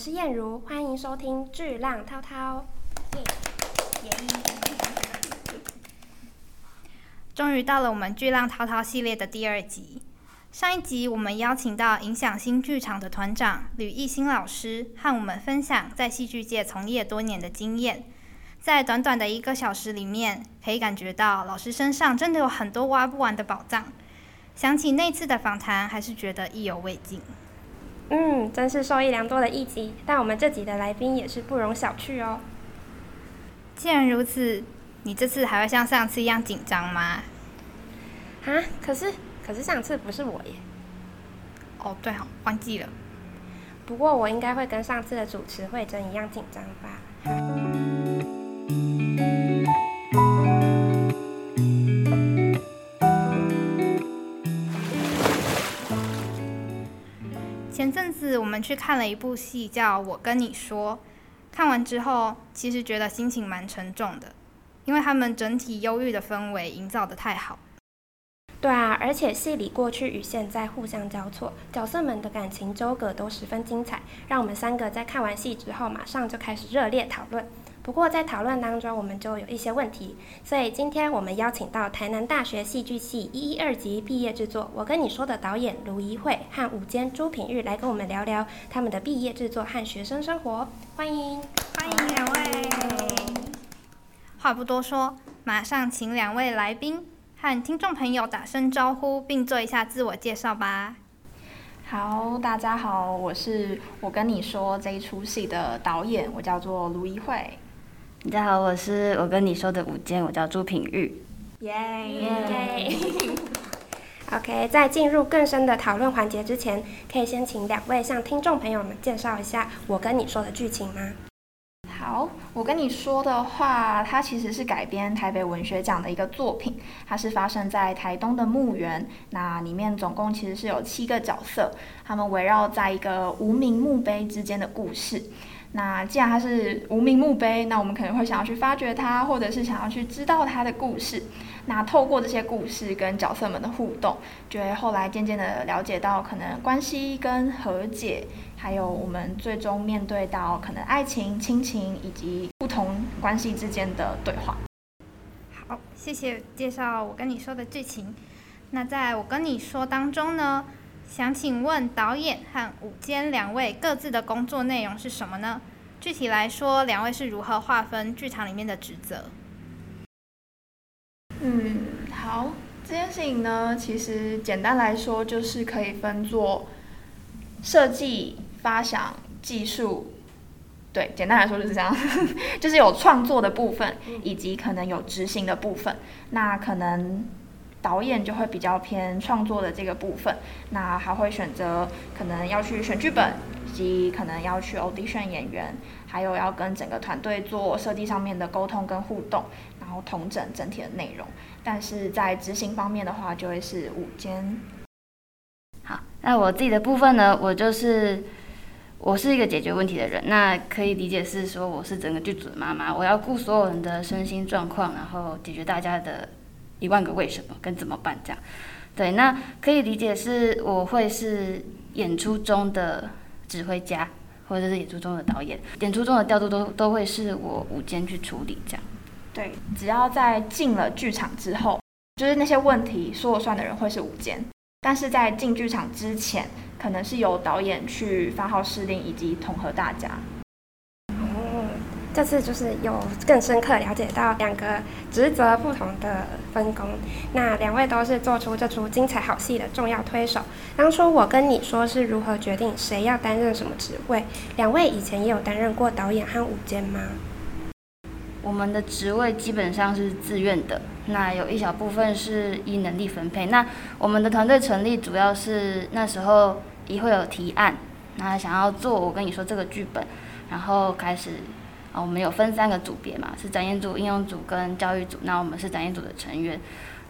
我是燕如，歡迎收聽《劇浪滔滔》yeah.。Yeah. Yeah. 終於到了我們《劇浪滔滔》系列的第二集。上一集我們邀請到影響新劇場的團長呂藝新老師，和我們分享在戲劇界從業多年的經驗。在短短的一個小時裡面，可以感覺到老師身上真的有很多挖不完的寶藏。想起那次的訪談，還是覺得意猶未盡。嗯，真是受益良多的一集。但我們這集的來賓也是不容小覷哦。既然如此，你這次還會像上次一樣緊張嗎？啊，可是可是上次不是我耶。哦對哦，忘記了。不過我應該會跟上次的主持慧珍一樣緊張吧。 前陣子我們去看了一部戲叫、叫我跟你說，看完之後其實覺得心情蠻沉重的，因為他們整體憂鬱的氛圍營造的太好。對啊，而且戲裡過去與現在互相交錯，角色們的感情糾葛都十分精彩，讓我們三個在看完戲之後馬上就開始熱烈討論。不過在討論當中，我們就有一些問題，所以今天我們邀請到台南大學戲劇系一一二級畢業製作《我跟你說》的導演盧怡潓和舞監朱品諭來跟我們聊聊他們的畢業製作和學生生活。歡迎，歡迎兩位。話不多說，馬上請兩位來賓和聽眾朋友打聲招呼，並做一下自我介紹吧。好，大家好，我是我跟你說這一出戲的導演，我叫做盧怡潓。大家好，我是我跟你說的舞監，我叫朱品諭。耶耶。OK，在進入更深的討論環節之前，可以先請兩位向聽眾朋友們介紹一下我跟你說的劇情嗎？好，我跟你說的話，它其實是改編台北文學獎的一個作品，它是發生在台東的墓園。那裡面總共其實是有七個角色，他們圍繞在一個無名墓碑之間的故事。那既然它是無名墓碑，那我們可能會想要去發掘它，或者是想要去知道它的故事。那透過這些故事跟角色們的互動，就會後來漸漸的了解到可能關係跟和解，還有我們最終面對到可能愛情、親情以及不同關係之間的對話。好，謝謝介紹我跟你說的劇情。那在我跟你說當中呢，想請問導演和舞監兩位各自的工作內容是什麼呢？具體來說，兩位是如何劃分劇場裡面的職責？嗯，好，這件事情呢，其實簡單來說就是可以分作設計、發想、技術，對，簡單來說就是這樣，就是有創作的部分，以及可能有執行的部分，那可能。導演就會比較偏創作的這個部分，那還會選擇可能要去選劇本，以及可能要去 audition 演員，還有要跟整個團隊做設計上面的溝通跟互動，然後統整整體的內容。但是在執行方面的話，就會是舞監。好，那我自己的部分呢，我就是我是一個解決問題的人，那可以理解是說我是整個劇組的媽媽，我要顧所有人的身心狀況，然後解決大家的。一萬個為什麼跟怎麼辦這樣，對，那可以理解是我會是演出中的指揮家，或者是演出中的導演，演出中的調度都都會是我舞監去處理這樣。對，只要在進了劇場之後，就是那些問題說了算的人會是舞監，但是在進劇場之前，可能是由導演去發號施令以及統合大家。這次就是有更深刻了解到兩個職責不同的分工。那兩位都是做出這出精彩好戲的重要推手。當初我跟你說是如何決定誰要擔任什麼職位？兩位以前也有擔任過導演和舞監嗎？我們的職位基本上是自願的，那有一小部分是依能力分配。那我們的團隊成立主要是那時候一會有提案，那想要做我跟你說這個劇本，然後開始。啊，我們有分三個組別嘛，是展演組、應用組跟教育組。那我們是展演組的成員。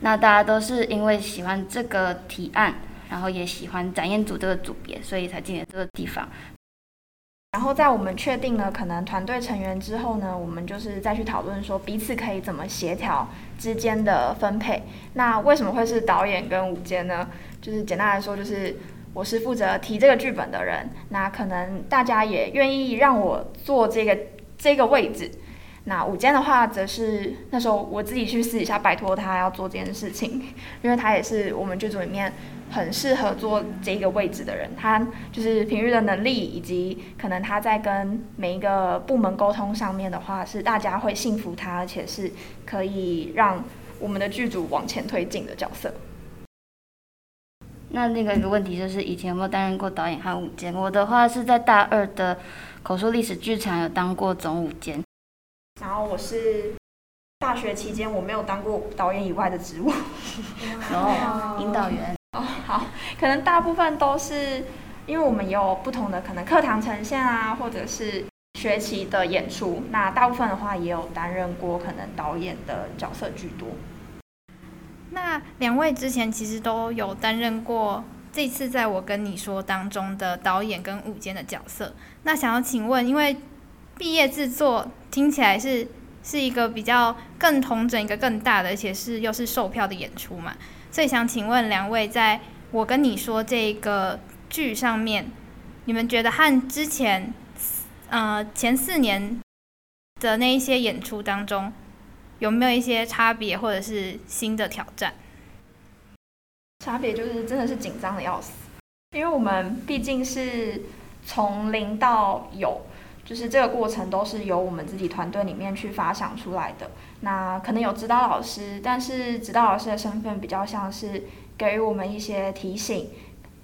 那大家都是因為喜歡這個提案，然後也喜歡展演組這個組別，所以才進了這個地方。然後在我們確定了可能團隊成員之後呢，我們就是再去討論說彼此可以怎麼協調之間的分配。那為什麼會是導演跟舞監呢？就是簡單來說，就是我是負責提這個劇本的人，那可能大家也願意讓我做這個。這個位置。那舞監的話，則是那時候我自己去私底下拜托他要做這件事情，因為他也是我們劇組裡面很適合做這個位置的人。他就是平日的能力，以及可能他在跟每一個部門溝通上面的話，是大家會信服他，而且是可以讓我們的劇組往前推進的角色。那另一個問題就是，以前有沒有擔任過導演和舞監？我的話是在大二的。口述歷史劇場有當過總舞監，然後我是大學期間我沒有當過導演以外的職務，然後引 Wow. 導員哦，oh, okay. oh, 好，可能大部分都是因為我們有不同的可能課堂呈現啊，或者是學期的演出，那大部分的話也有擔任過可能導演的角色居多。那兩位之前其實都有擔任過這次在我跟你說當中的導演跟舞監的角色，那想要請問，因為畢業制作聽起來是是一個比較更統整一個更大的，而且是又是售票的演出嘛，所以想請問兩位，在我跟你說這個劇上面，你們覺得和之前，呃，前四年的那一些演出當中，有沒有一些差別或者是新的挑戰？差別就是真的是緊張的要死，因為我們畢竟是從零到有，就是這個過程都是由我們自己團隊裡面去發想出來的。那可能有指導老師，但是指導老師的身份比較像是給予我們一些提醒，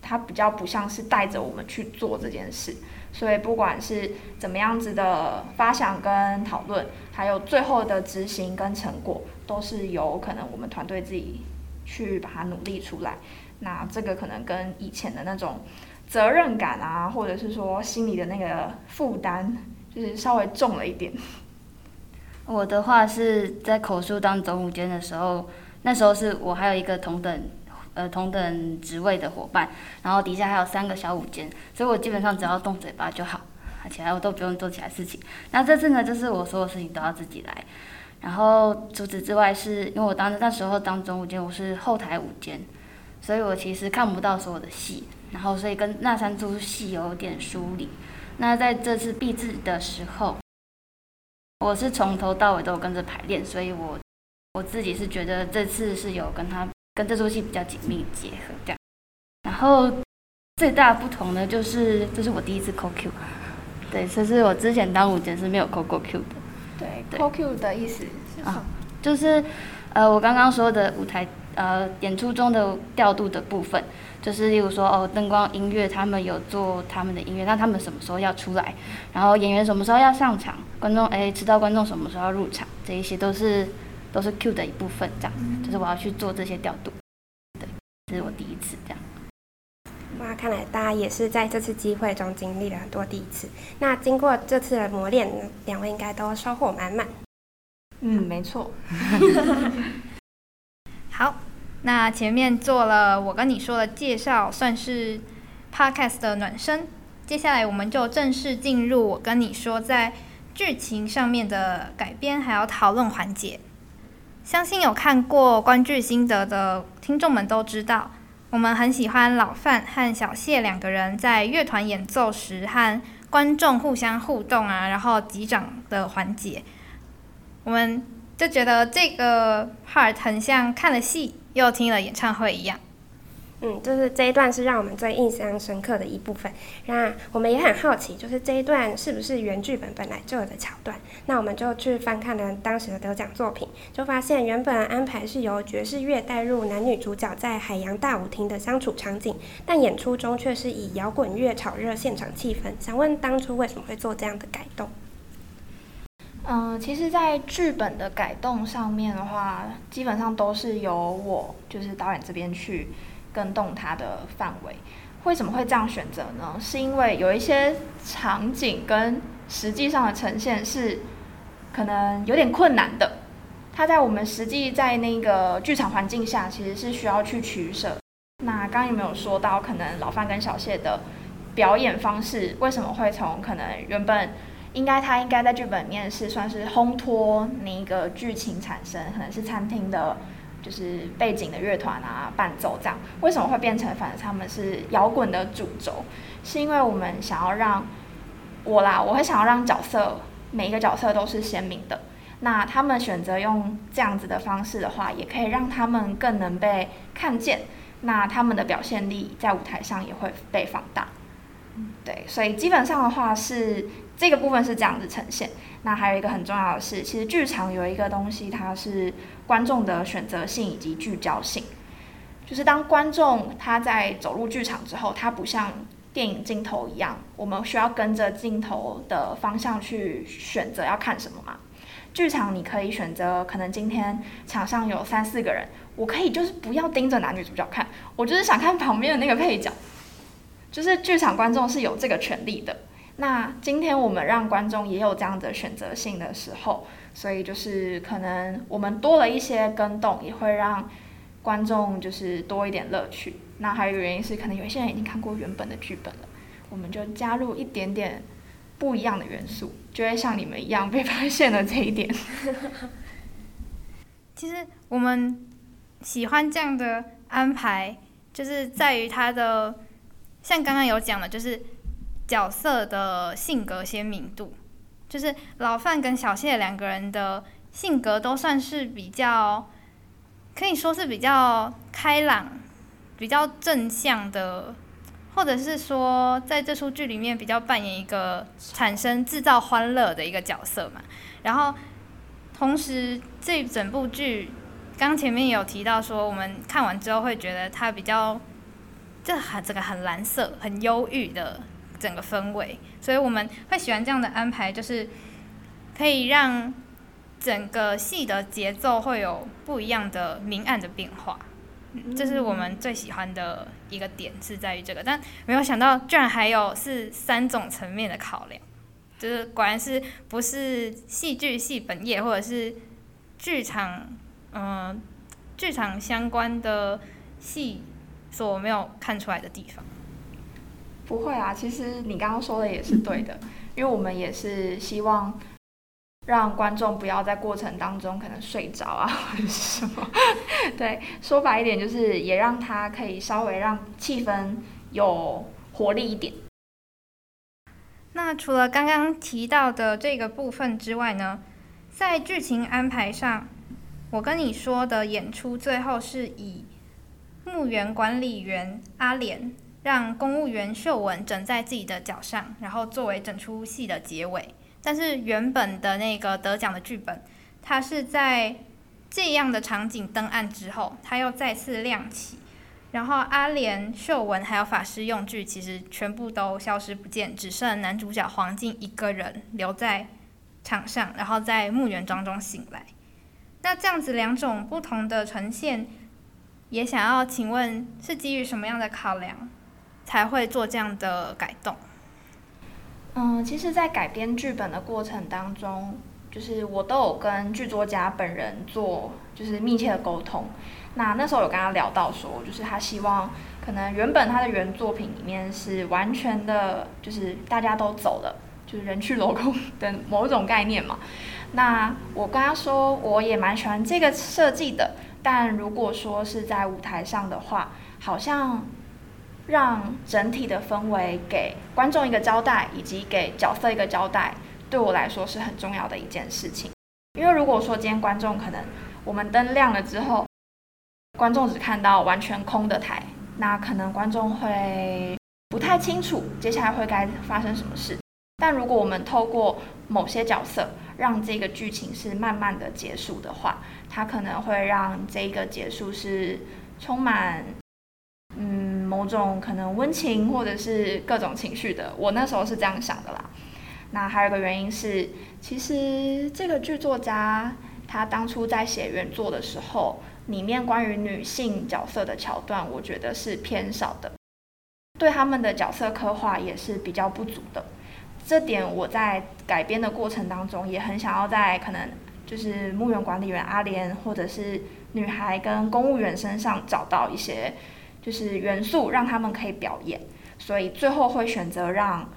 他比較不像是帶着我們去做這件事。所以不管是怎麼樣子的發想跟討論，還有最後的執行跟成果，都是由可能我們團隊自己。去把它努力出來，那這個可能跟以前的那種責任感啊，或者是說心裡的那個負擔，就是稍微重了一點。我的話是在口述當總舞監的時候，那時候是我還有一個同等，呃同等職位的夥伴，然後底下還有三個小舞監，所以我基本上只要動嘴巴就好，而且我都不用做其他事情。那這次呢，就是我所有事情都要自己來。然後除此之外是，是因為我當時那時候當中、舞監，我是後台舞監，所以我其實看不到所有的戲，然後所以跟那三出戲有點疏離。那在這次畢製的時候，我是從頭到尾都跟着排練，所以我我自己是覺得這次是有跟他跟這出戲比較緊密結合這樣。然後最大的不同呢，就是，就是這是我第一次 call Q，對，這是我之前當舞監是沒有 call 過 Q。Q 對 Q 的意思啊？哦，就是呃，我剛剛說的舞台呃演出中的調度的部分，就是例如說哦，燈光、音樂，他們有做他們的音樂，那他們什麼時候要出來？然後演員什麼時候要上場？觀眾哎，知道觀眾什麼時候要入場？這一些都是都是 Q 的一部分，這樣，就是我要去做這些調度。對，這是我第一次這樣。哇，看來大家也是在這次機會中經歷了很多第一次。那經過這次的磨練，兩位應該都收穫滿滿。嗯，沒錯。 好，那前面做了我跟你說的介紹，算是 podcast 的暖身。接下來，我們就正式進入我跟你說在劇情上面的改編，還要討論環節。相信有看過觀劇心得的聽眾們都知道。我們很喜歡老范和小謝兩個人在樂團演奏時和觀眾互相互動啊，然後擊掌的環節，我們就覺得這個 part 很像看了戲又聽了演唱會一樣。嗯，就是這一段是讓我們最印象深刻的一部分。那我們也很好奇，就是這一段是不是原劇本本來就有的橋段？那我們就去翻看了當時的得獎作品，就發現原本安排是由爵士樂帶入男女主角在海洋大舞廳的相處場景，但演出中卻是以搖滾樂炒熱現場氣氛。想問當初為什麼會做這樣的改動？嗯、呃，其實，在劇本的改動上面的話，基本上都是由我，就是導演這邊去更動它的範圍，為什麼會這樣選擇呢？是因為有一些場景跟實際上的呈現是可能有點困難的，它在我們實際在那個劇場環境下其實是需要去取捨。那剛剛有沒有說到，可能老范跟小謝的表演方式為什麼會從可能原本應該他應該在劇本面試算是烘托那個劇情產生，可能是餐廳的。就是背景的樂團啊，伴奏這樣，為什麼會變成？反正他們是搖滾的主軸，是因為我們想要讓我啦，我會想要讓角色每一個角色都是鮮明的。那他們選擇用這樣子的方式的話，也可以讓他們更能被看見。那他們的表現力在舞台上也會被放大。對，所以基本上的話是這個部分是這樣子呈現。那還有一個很重要的是，其實劇場有一個東西，它是觀眾的選擇性以及聚焦性。就是當觀眾他在走入劇場之後，他不像電影鏡頭一樣，我們需要跟着鏡頭的方向去選擇要看什麼嘛。劇場你可以選擇，可能今天場上有三四個人，我可以就是不要盯着男女主角看，我就是想看旁邊的那個配角。就是劇場觀眾是有這個權利的。那今天我們讓觀眾也有這樣的選擇性的時候，所以就是可能我們多了一些更動，也會讓觀眾就是多一點樂趣。那還有一個原因是，可能有些人已經看過原本的劇本了，我們就加入一點點不一樣的元素，就會像你們一樣被發現了這一點。其實我們喜歡這樣的安排，就是在於它的，像剛剛有講的，就是。角色的性格鮮明度，就是老范跟小謝兩個人的性格都算是比較，可以說是比較開朗、比較正向的，或者是說在這出劇裡面比較扮演一個產生、制造歡樂的一個角色嘛。然後，同時這整部劇，剛前面有提到說，我們看完之後會覺得它比較，這很這個很藍色、很憂鬱的。整個氛圍，所以我們會喜歡這樣的安排，就是可以讓整個戲的節奏會有不一樣的明暗的變化，這是我們最喜歡的一個點，是在於這個。但沒有想到，居然還有是三種層面的考量，就是果然是不是戲劇系本業，或者是劇場，嗯、呃，劇場相關的戲，所沒有看出來的地方。不會啊，其實你剛剛說的也是對的，因為我們也是希望讓觀眾不要在過程當中可能睡着啊，或者是什麼。對，說白一點就是也讓他可以稍微讓氣氛有活力一點。那除了剛剛提到的這個部分之外呢，在劇情安排上，我跟你說的演出最後是以墓園管理員阿蓮。讓公務員秀文枕在自己的腳上，然後作為整出戲的結尾。但是原本的那個得獎的劇本，它是在這樣的場景燈暗之後，它又再次亮起。然後阿蓮、秀文還有法師用具，其實全部都消失不見，只剩男主角黃金一個人留在場上，然後在墓園當中醒來。那這樣子兩種不同的呈現，也想要請問是基於什麼樣的考量？才會做這樣的改動。嗯，其實，在改編劇本的過程當中，就是我都有跟劇作家本人做，就是密切的溝通。那那時候有跟他聊到說，就是他希望，可能原本他的原作品裡面是完全的，就是大家都走了，就是人去樓空的某種概念嘛。那我跟他說，我也蠻喜歡這個設計的，但如果說是在舞台上的話，好像。讓整體的氛圍給觀眾一個交代，以及給角色一個交代，對我來說是很重要的一件事情。因為如果說今天觀眾可能我們燈亮了之後，觀眾只看到完全空的台，那可能觀眾會不太清楚接下來會該發生什麼事。但如果我們透過某些角色，讓這個劇情是慢慢的結束的話，它可能會讓這個結束是充滿，嗯。某種可能溫情或者是各種情緒的，我那時候是這樣想的啦。那還有一個原因是，其實這個劇作家他當初在寫原作的時候，裡面關於女性角色的橋段，我覺得是偏少的，對他們的角色刻畫也是比較不足的。這點我在改編的過程當中，也很想要在可能就是墓園管理員阿蓮，或者是女孩跟公務員身上找到一些。就是元素讓他們可以表演，所以最後會選擇讓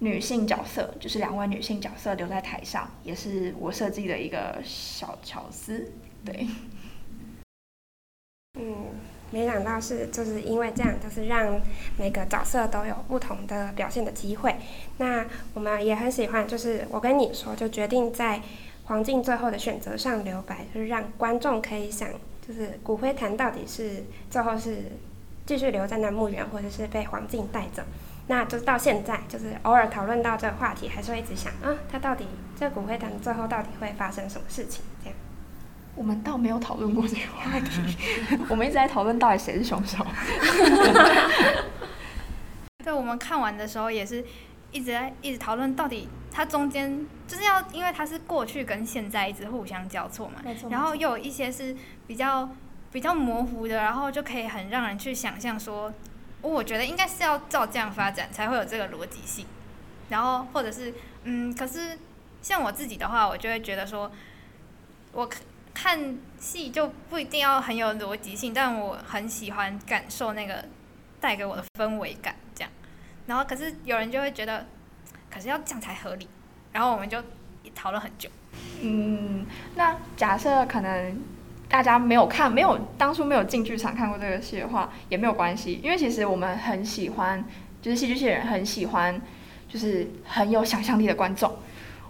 女性角色，就是兩位女性角色留在台上，也是我設計的一個小巧思。對，嗯，沒想到是就是因為這樣，就是讓每個角色都有不同的表現的機會。那我們也很喜歡，就是我跟你說，就決定在黃靜最後的選擇上留白，就是讓觀眾可以想，就是骨灰罈到底是最後是。繼續留在那墓園，或者是被黃靜帶走，那就是到現在，就是偶爾討論到這個話題，還是會一直想啊，他到底在骨灰壇最後到底會發生什麼事情？這樣，我們倒沒有討論過這個話題， 我們一直在討論到底誰是兇手。 對，我們看完的時候也是一直在一直討論到底他中間就是要，因為他是過去跟現在一直互相交錯嘛，沒錯，然後又有一些是比較。比較模糊的，然後就可以很讓人去想象說，我覺得應該是要照這樣發展才會有這個邏輯性，然後或者是嗯，可是像我自己的話，我就會覺得說，我看看戲就不一定要很有邏輯性，但我很喜歡感受那個帶給我的氛圍感這樣，然後可是有人就會覺得，可是要這樣才合理，然後我們就也討論很久。嗯，那假設可能。大家沒有看，沒有當初沒有進劇場看過這個戲的話，也沒有關係，因為其實我們很喜歡，就是戲劇系人很喜歡，就是很有想象力的觀眾，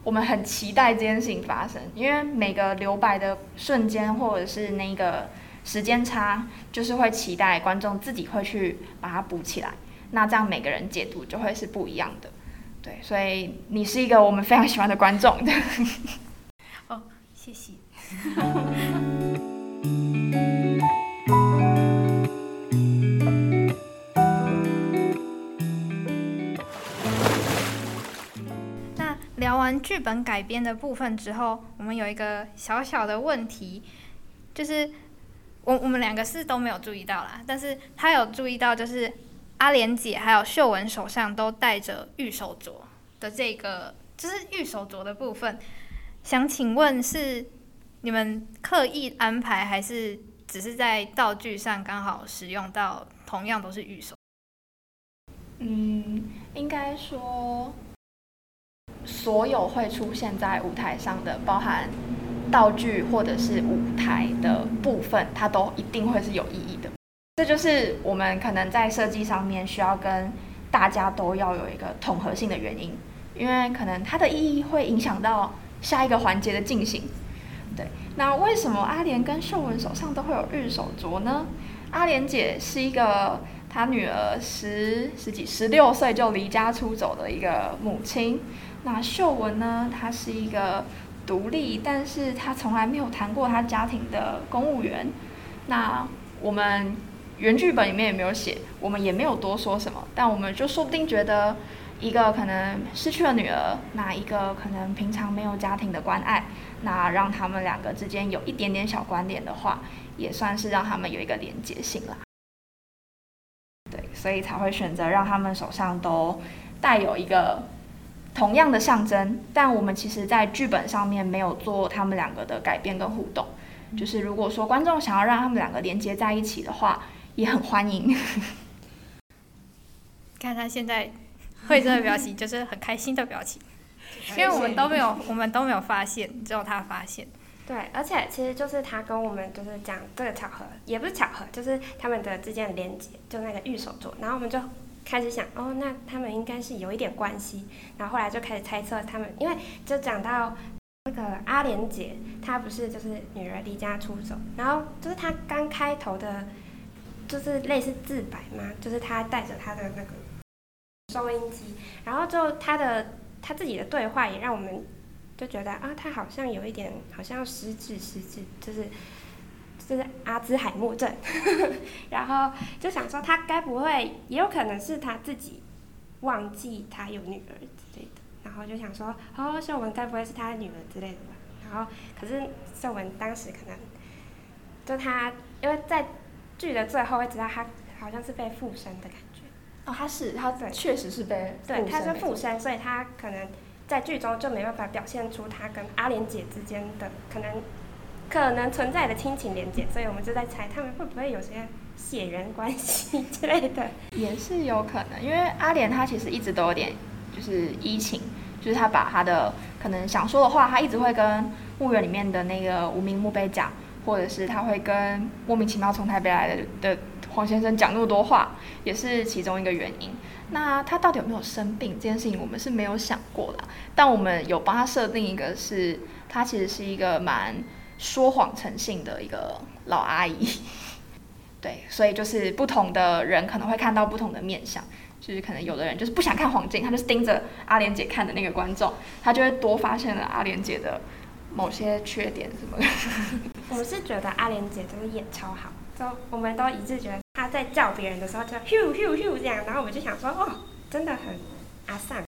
我們很期待這件事情發生，因為每個留白的瞬間或者是那個時間差，就是會期待觀眾自己會去把它補起來，那這樣每個人解讀就會是不一樣的，對，所以你是一個我們非常喜歡的觀眾，哦，謝謝。那聊完劇本改編的部分之後，我們有一個小小的問題，就是我我們兩個是都沒有注意到啦，但是他有注意到，就是阿蓮姐還有秀文手上都戴著玉手鐲的這個，就是玉手鐲的部分，想請問是。你們刻意安排還是只是在道具上剛好使用到同樣都是御守？嗯，應該說，所有會出現在舞台上的，包含道具或者是舞台的部分，它都一定會是有意義的。這就是我們可能在設計上面需要跟大家都要有一個統合性的原因，因為可能它的意義會影響到下一個環節的進行。對，那為什麼阿蓮跟秀文手上都會有玉手鐲呢？阿蓮姐是一個她女兒十十幾、十六歲就離家出走的一個母親。那秀文呢，她是一個獨立，但是她從來沒有談過她家庭的公務員。那我們原劇本裡面也沒有寫，我們也沒有多說什麼，但我們就說不定覺得。一個可能失去了女兒，那一個可能平常沒有家庭的關愛，那讓他們兩個之間有一點點小關聯的話，也算是讓他們有一個連接性了。對，所以才會選擇讓他們手上都帶有一個同樣的象徵。但我們其實在劇本上面沒有做他們兩個的改變跟互動。就是如果說觀眾想要讓他們兩個連接在一起的話，也很歡迎。 看他現在。會這個表情就是很開心的表情， 因為我們都沒有，我們都沒有發現，只有他發現。對，而且其實就是他跟我們就是講這個巧合，也不是巧合，就是他們的之間的連接，就是、那個玉手鐲，然後我們就開始想，哦，那他們應該是有一點關係。然後後來就開始猜測他們，因為就講到那個阿蓮姐，她不是就是女兒離家出走，然後就是她剛開頭的，就是類似自白嘛，就是她帶着她的那個。收音機，然後就他的他自己的對話也讓我們就覺得啊，他好像有一點，好像失智、失智，就是就是阿茲海默症。 然後就想說他該不會，也有可能是他自己忘記他有女兒之類的。然後就想說哦，秀文該不會是他的女兒之類的吧？然後可是秀文當時可能就他因為在劇的最後會知道他好像是被附身的感覺。哦、他是，他在，確實是被，對，對，他是附身，所以他可能在劇中就沒辦法表現出他跟阿蓮姐之間的可能，可能存在的親情連結，所以我們就在猜他們會不會有些血緣關係之類的，也是有可能，因為阿蓮她其實一直都有點就是移情，就是她把她的可能想說的話，她一直會跟墓園裡面的那個無名墓碑講。或者是他會跟莫名其妙從台北來的的黃先生講那麼多話，也是其中一個原因。那他到底有沒有生病，這件事情我們是沒有想過的。但我們有幫他設定一個是，是他其實是一個蠻說謊成性的一個老阿姨。 對，所以就是不同的人可能會看到不同的面相，就是可能有的人就是不想看黃靜，他就是盯着阿蓮姐看的那個觀眾，他就會多發現了阿蓮姐的。某些缺點什麼的， 我是覺得阿蓮姐這個演超好，就我們都一致覺得她在叫別人的時候就咻咻咻這樣，然後我們就想說哇、哦，真的很阿桑。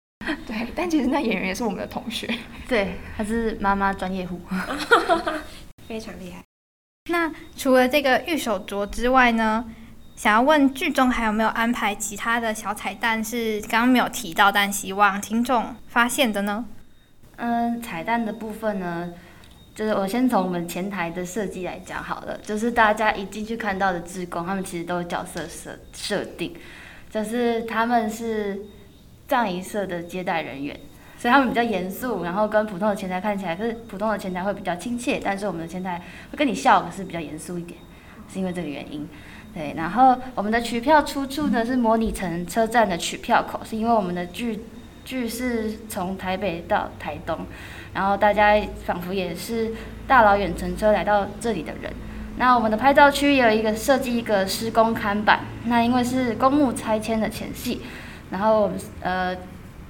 對，但其實那演員也是我們的同學，對，她是媽媽專業戶， 非常厲害。那除了這個玉手鐲之外呢，想要問劇中還有沒有安排其他的小彩蛋是剛剛沒有提到，但希望聽眾發現的呢？嗯，彩蛋的部分呢，就是我先從我們前台的設計來講好了。就是大家一進去看到的志工，他們其實都有角色設設定，就是他們是葬儀社的接待人員，所以他們比較嚴肅，然後跟普通的前台看起來，可是普通的前台會比較親切，但是我們的前台會跟你笑，可是比較嚴肅一點，是因為這個原因。對，然後我們的取票出處呢是模擬成車站的取票口，是因為我們的劇。劇是從台北到台東，然後大家仿佛也是大老遠乘車來到這裡的人。那我們的拍照區也有一個設計一個施工看板，那因為是公墓拆遷的前夕，然後呃，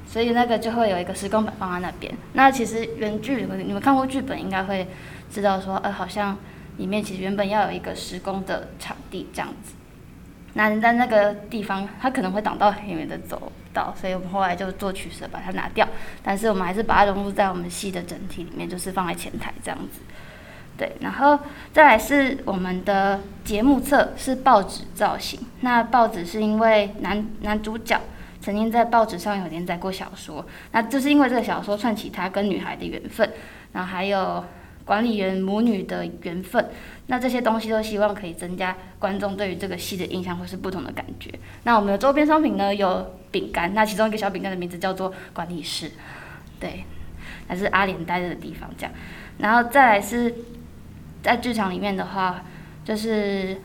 所以那個就會有一個施工板放在那邊。那其實原劇你們看過劇本應該會知道說，呃，好像裡面其實原本要有一個施工的場地這樣子，那人在那個地方他可能會擋到很遠的走。所以，我們後來就做取捨，把它拿掉。但是，我們還是把它融入在我們戲的整體裡面，就是放在前台這樣子。對，然後再來是我們的節目冊，是報紙造型。那報紙是因為男男主角曾經在報紙上有連載過小說，那就是因為這個小說串起他跟女孩的緣分。然後還有。管理員母女的緣分，那這些東西都希望可以增加觀眾對於這個戲的印象，或是不同的感覺。那我們的週邊商品呢，有餅乾，那其中一個小餅乾的名字叫做“管理室”，對，還是阿蓮待着的地方。這樣，然後再來是，在劇場裡面的話，就是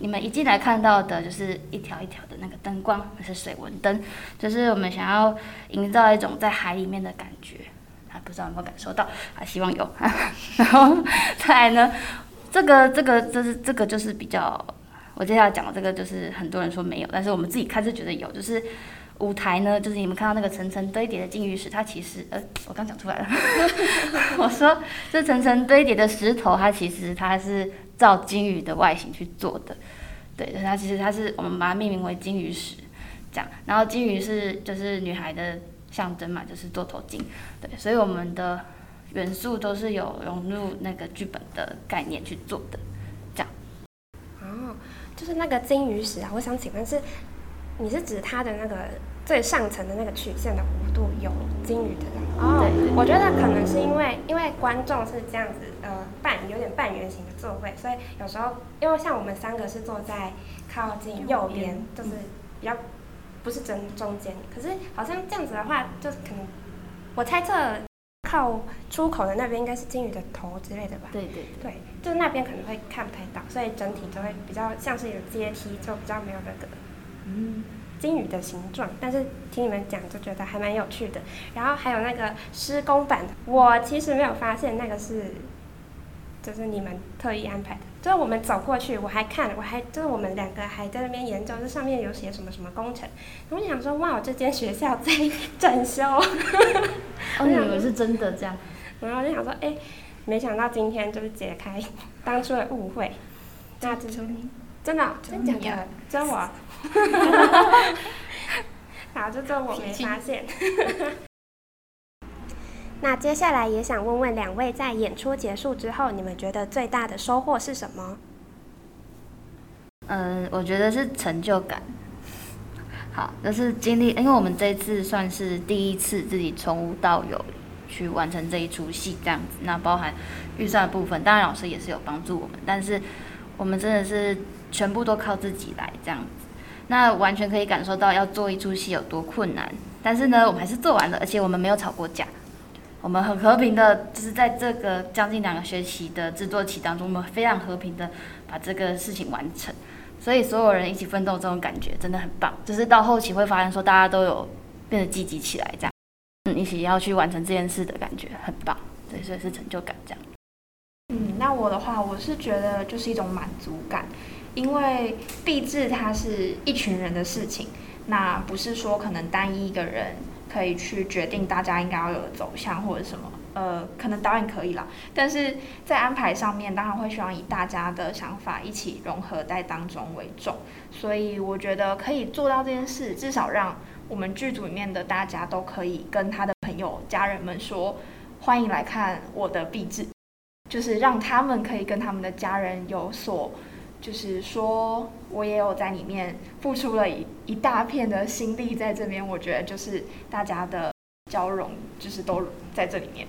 你們一進來看到的，就是一條一條的那個燈光，還是水紋燈，就是我們想要營造一種在海裡面的感覺。不知道有沒有感受到？啊，希望有。啊、然後再來呢，這個、這個、這個、就是這個就是比較，我接下來講的這個就是很多人說沒有，但是我們自己看是覺得有。就是舞台呢，就是你們看到那個層層堆疊的鯨魚石，它其實呃，我剛講出來了， 我說這層層堆疊的石頭，它其實它是照鯨魚的外形去做的。對，但它其實它是我們把它命名為鯨魚石，這樣，然後鯨魚是就是女孩的。象徵嘛，就是座頭鯨，對，所以我們的元素都是有融入那個劇本的概念去做的，這樣。哦，就是那個鯨魚石啊，我想請問是，你是指它的那個最上層的那個曲線的弧度有鯨魚的？嗯、哦，對我覺得可能是因為，嗯、因為觀眾是這樣子，呃，半有點半圓形的座位，所以有時候，因為像我們三個是坐在靠近右邊，嗯、就是比較。不是真中間，可是好像這樣子的話，就是可能我猜測靠出口的那邊應該是鯨魚的頭之類的吧？對對對，就是那邊可能會看不太到，所以整體就會比較像是有階梯，就比較沒有那個嗯鯨魚的形狀。但是聽你們講就覺得還蠻有趣的。然後還有那個施工版的，我其實沒有發現那個是。就是你們特意安排的，就是我們走過去，我還看，我還就是我們兩個還在那邊研究，這上面有寫什麼什麼工程，然後我想說哇，這間學校在整修，我你以為是真的這樣？然後我就想說哎、欸，沒想到今天就是解開當初的誤會，那就求你，真的，真假的，真、啊、我、啊， 然後就這我沒發現。 那接下來也想問問兩位，在演出結束之後，你們覺得最大的收穫是什麼？嗯、呃，我覺得是成就感。好，就是經歷，因為我們這一次算是第一次自己從無到有去完成這一出戲，這樣子。那包含預算的部分，當然老師也是有幫助我們，但是我們真的是全部都靠自己來這樣子。那完全可以感受到要做一出戲有多困難，但是呢，我們還是做完了，而且我們沒有吵過架。我們很和平的，就是在這個將近兩個學期的製作期當中，我們非常和平的把這個事情完成，所以所有人一起奮鬥這種感覺真的很棒。就是到後期會發現說，大家都有變得積極起來，這樣、嗯，一起要去完成這件事的感覺很棒。對，所以是成就感這樣。嗯，那我的話，我是覺得就是一種滿足感，因為畢竟它是一群人的事情，那不是說可能單一一個人。可以去決定大家應該要有的走向或者什麼，呃，可能導演可以啦，但是在安排上面，當然會希望以大家的想法一起融合在當中為重。所以我覺得可以做到這件事，至少讓我們劇組裡面的大家都可以跟他的朋友、家人們說，歡迎來看我的畢製，就是讓他們可以跟他們的家人有所。就是說，我也有在裡面付出了一一大片的心力在這邊。我覺得就是大家的交融，就是都在這裡面。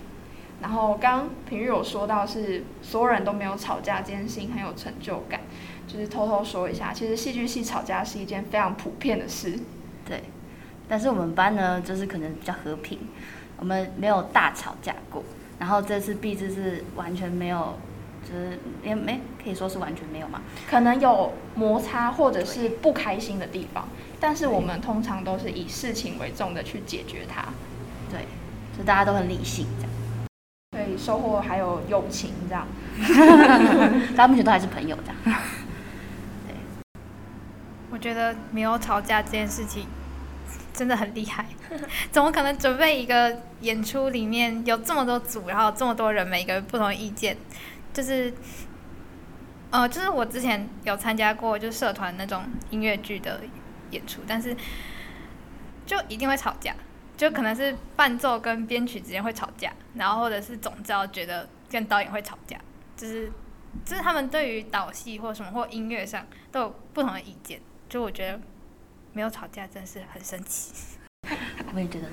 然後剛剛品諭有說到是所有人都沒有吵架，這件事情很有成就感。就是偷偷說一下，其實戲劇系吵架是一件非常普遍的事。對，但是我們班呢，就是可能比較和平，我們沒有大吵架過。然後這次畢製是完全沒有。就是連沒、欸、可以說是完全沒有嘛，可能有摩擦或者是不開心的地方，對但是我們通常都是以事情為重的去解決它，對，就大家都很理性這樣，對，收穫還有友情這樣， 他們覺得還是朋友這樣， 對，我覺得沒有吵架這件事情真的很厲害， 怎麼可能準備一個演出裡面有這麼多組，然後這麼多人，每一個不同意見。就是，呃，就是我之前有參加過就社團那種音樂劇的演出，但是就一定會吵架，就可能是伴奏跟編曲之間會吵架，然後或者是總之要覺得跟導演會吵架，就是就是他們對於導戲或什麼或音樂上都有不同的意見，就我覺得沒有吵架真的是很神奇，我也覺得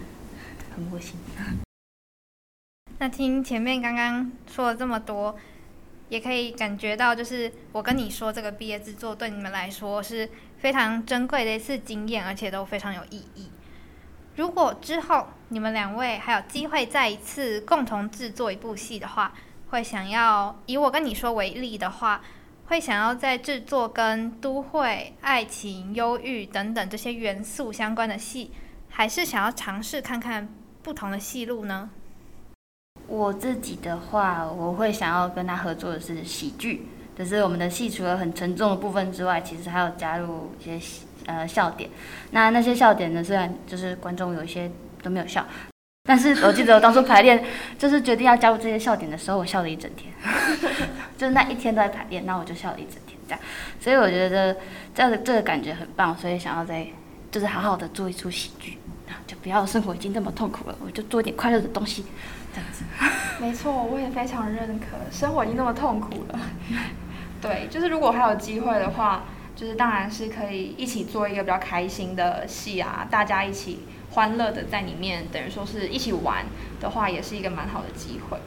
很魔性。 那聽前面剛剛說了這麼多。也可以感覺到，就是我跟你說，這個畢業制作對你們來說是非常珍貴的一次經驗，而且都非常有意義。如果之後你們兩位還有機會再一次共同制作一部戲的話，會想要以我跟你說為例的話，會想要再制作跟都會、愛情、憂鬱等等這些元素相關的戲，還是想要嘗試看看不同的戲路呢？我自己的話，我會想要跟他合作的是喜劇。但、就是我們的戲除了很沉重的部分之外，其實還有加入一些呃笑點。那那些笑點呢，雖然就是觀眾有一些都沒有笑，但是我記得我當初排練就是決定要加入這些笑點的時候，我笑了一整天。 就是那一天都在排練，那我就笑了一整天，這樣。所以我覺得這樣的這個感覺很棒，所以想要再就是好好的做一齣喜劇，啊，就不要生活已經這麼痛苦了，我就做一點快樂的東西。 沒錯，我也非常認可。生活已經那麼痛苦了， 對，就是如果還有機會的話，就是當然是可以一起做一個比較開心的戲啊，大家一起歡樂的在裡面，等於說是一起玩的話，也是一個蠻好的機會。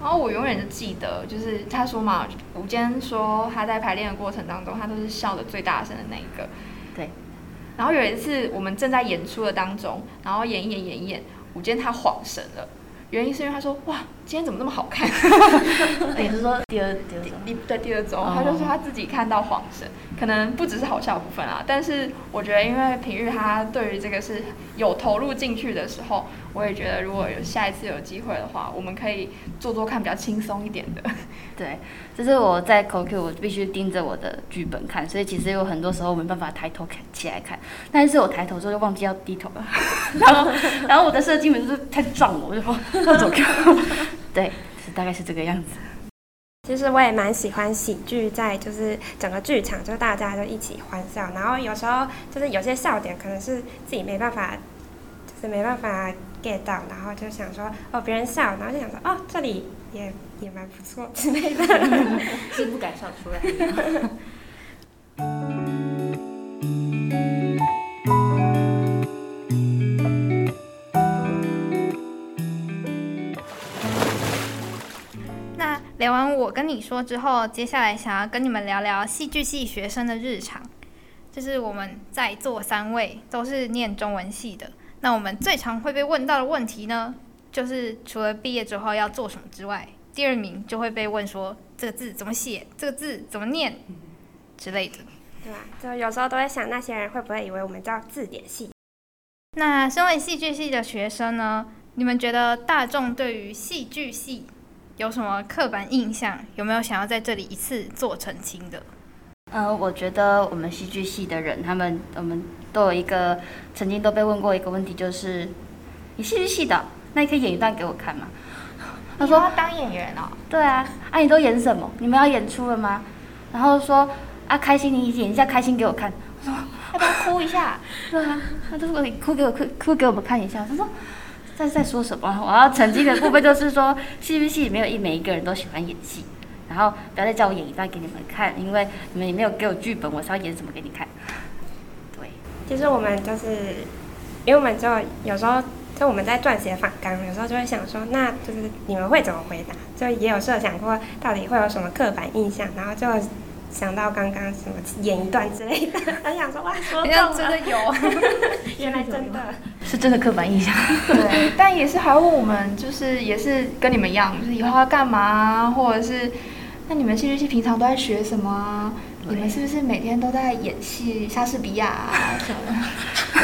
然後我永遠都記得，就是他說嘛，吳堅說他在排練的過程當中，他都是笑得最大聲的那一個。對。然後有一次我們正在演出的當中，然後演一演演一演，吳堅他恍神了。原因是因為他說：“哇，今天怎麼那麼好看？”你 是、欸、說第二、第二週第、第對第二週，哦、他就說他自己看到恍神，可能不只是好笑部分啊。但是我覺得，因為平日他對於這個是有投入進去的時候。我也覺得，如果有下一次有機會的話，我們可以做做看比較輕鬆一點的。對，就是我在 COCO，我必須盯着我的劇本看，所以其實有很多時候我沒辦法抬頭看起來看。但是我抬頭之後就忘記要低頭了， 然後 然後我的設計本就是太壯了，我就說走 Q, 對，是大概是這個樣子。其實我也蠻喜歡喜劇，在就是整個劇場，就是、大家都一起歡笑，然後有時候就是有些笑點可能是自己沒辦法。沒辦法 get 到，然後就想說哦別人笑，然後就想說哦這裡也也蠻不錯之類的，真不敢笑出來。那聊完我跟你說之後，接下來想要跟你們聊聊戲劇系學生的日常，就是我們在座三位都是念中文系的。那我們最常會被問到的問題呢，就是除了畢業之後要做什麼之外，第二名就會被問說這個字怎麼寫，這個字怎麼念之類的，對吧、啊？就有時候都會想那些人會不會以為我們叫字典系。那身為戲劇系的學生呢，你們覺得大眾對於戲劇系有什麼刻板印象？有沒有想要在這裡一次做澄清的？嗯、呃，我覺得我們戲劇系的人，他們我們都有一個曾經都被問過一個問題，就是你戲劇系的、哦，那你可以演一段給我看嗎？他說他當演員哦，對啊，啊你都演什麼？你們要演出了嗎？然後說啊開心，你演一下開心給我看。我說要不要哭一下？對啊，他都說你哭給我哭哭給我們看一下。他說在在說什麼？嗯、我要澄清的部分就是說戲劇系沒有一每一個人都喜歡演戲。然後不要再叫我演一段給你們看，因為你們也沒有給我劇本，我是要演什麼給你看？對，其實我們就是，因為我們就有時候就我們在撰寫訪綱，有時候就會想說，那就是你們會怎麼回答？就也有設想過到底會有什麼刻板印象，然後就想到剛剛什麼演一段之類的，很 想說哇，說真的有，原來真的是真的刻板印象。對， 但也是還問我們，就是也是跟你們一樣，就是以後要幹嘛，或者是。那你們戲劇系平常都在學什麼啊？對你們是不是每天都在演戲莎士比亞啊 什麼？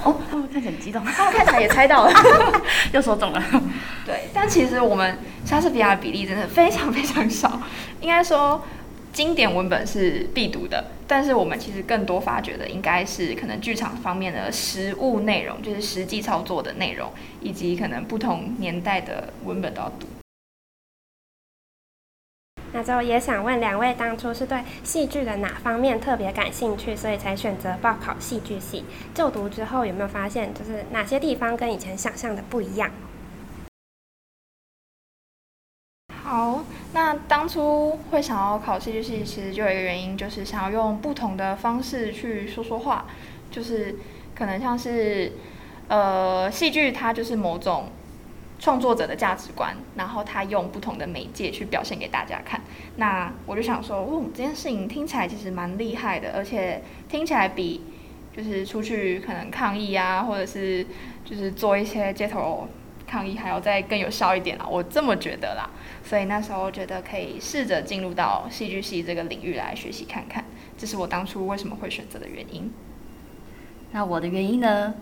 哦，他們、哦、看起來很激動，他們、啊、看起來也猜到了， 又說中了。對，但其實我們莎士比亞的比例真的非常非常少，應該說經典文本是必讀的，但是我們其實更多發掘的應該是可能劇場方面的實務內容，就是實際操作的內容，以及可能不同年代的文本都要讀。那之後也想問兩位，當初是對戲劇的哪方面特別感興趣，所以才選擇報考戲劇系？就讀之後有沒有發現，就是哪些地方跟以前想象的不一樣？好，那當初會想要考戲劇系，其實就有一個原因，就是想要用不同的方式去說說話，就是可能像是，呃，戲劇它就是某種。創作者的價值觀，然後他用不同的媒介去表現給大家看。那我就想說，哦，這件事情聽起來其實蠻厲害的，而且聽起來比就是出去可能抗議啊，或者是就是做一些街頭抗議還要再更有效一點啊，我這麼覺得啦。所以那時候覺得可以試着進入到戲劇系這個領域來學習看看，這是我當初為什麼會選擇的原因。那我的原因呢？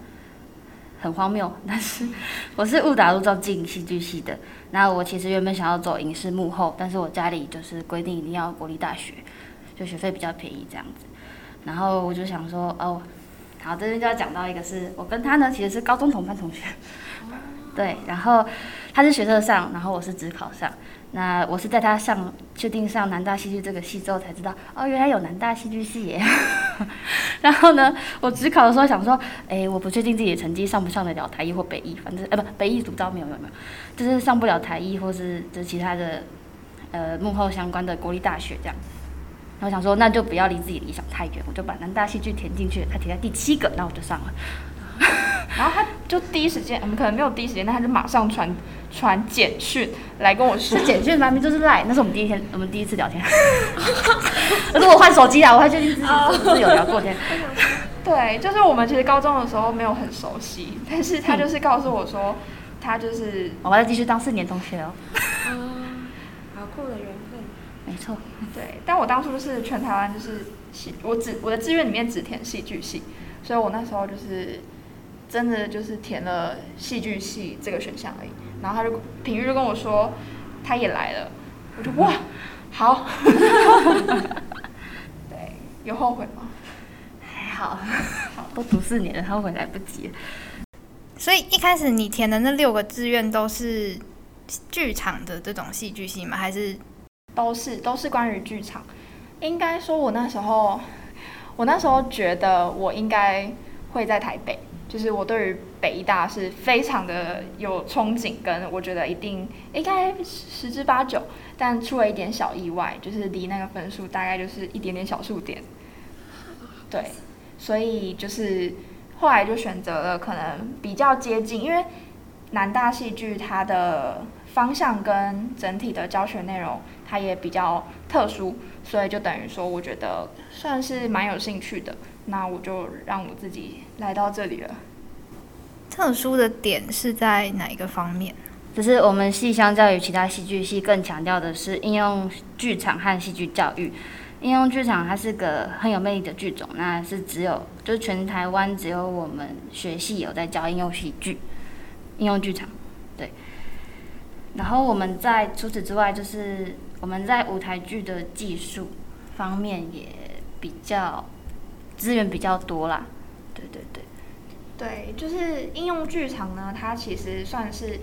很荒謬，但是我是誤打誤撞進戲劇系的。那我其實原本想要走影視幕後，但是我家裡就是規定一定要國立大學，就學費比較便宜這樣子。然後我就想說，哦，好，這邊就要講到一個是我跟他呢，其實是高中同班同學，對，然後。他是學測上，然後我是指考上。那我是在他上確定上南大戲劇這個系之後才知道，哦，原來有南大戲劇系耶。 然後呢，我指考的時候想說，哎、欸，我不確定自己的成績上不上得了台藝或北藝，反正呃不北藝主招沒有沒有沒有，就是上不了台藝或是就是其他的呃幕後相關的國立大學這樣。然後我想說，那就不要離自己理想太遠，我就把南大戲劇填進去。他填在第七個，那我就上了。 然後他。就第一時間，我們可能沒有第一時間，那他就馬上傳傳簡訊來跟我說。 是簡訊，反正就是賴。那是我們第一天，我們第一次聊天。哈 那是我換手機啊，我還記得之前是有聊過天。 對，就是我們其實高中的時候沒有很熟悉，但是他就是告訴我說，嗯、他就是我們要繼續當四年同學哦。 嗯，好酷的緣分。沒錯錯。對，但我當初就是全台灣就是戲，我只我的志願裡面只填戲劇系，所以我那時候就是。真的就是填了戲劇系這個選項而已，然後他就品諭就跟我說，他也來了，我就哇，好， 對，有後悔嗎？還好，好都讀四年了，後悔來不及。所以一開始你填的那六個志願都是劇場的這種戲劇系嗎？還是都是都是關於劇場？應該說我那時候，我那時候覺得我應該會在台北。就是我對於北藝大，是非常的有憧憬，跟我覺得一定、欸、應該十,十之八九，但出了一點小意外，就是離那個分數大概就是一點點小數點。對，所以就是後來就選擇了可能比較接近，因為。南大戲劇它的方向跟整體的教學內容，它也比較特殊，所以就等於說，我覺得算是蠻有興趣的。那我就讓我自己來到這裡了。特殊的點是在哪一個方面？就是我們系相較於其他戲劇系更強調的是應用劇場和戲劇教育。應用劇場它是個很有魅力的劇種，那是只有，就是全台灣只有我們學系有在教應用戲劇。應用劇場，對。然後我們在除此之外，就是我們在舞台劇的技術方面也比較資源比較多啦。對對對，對，就是應用劇場呢，它其實算是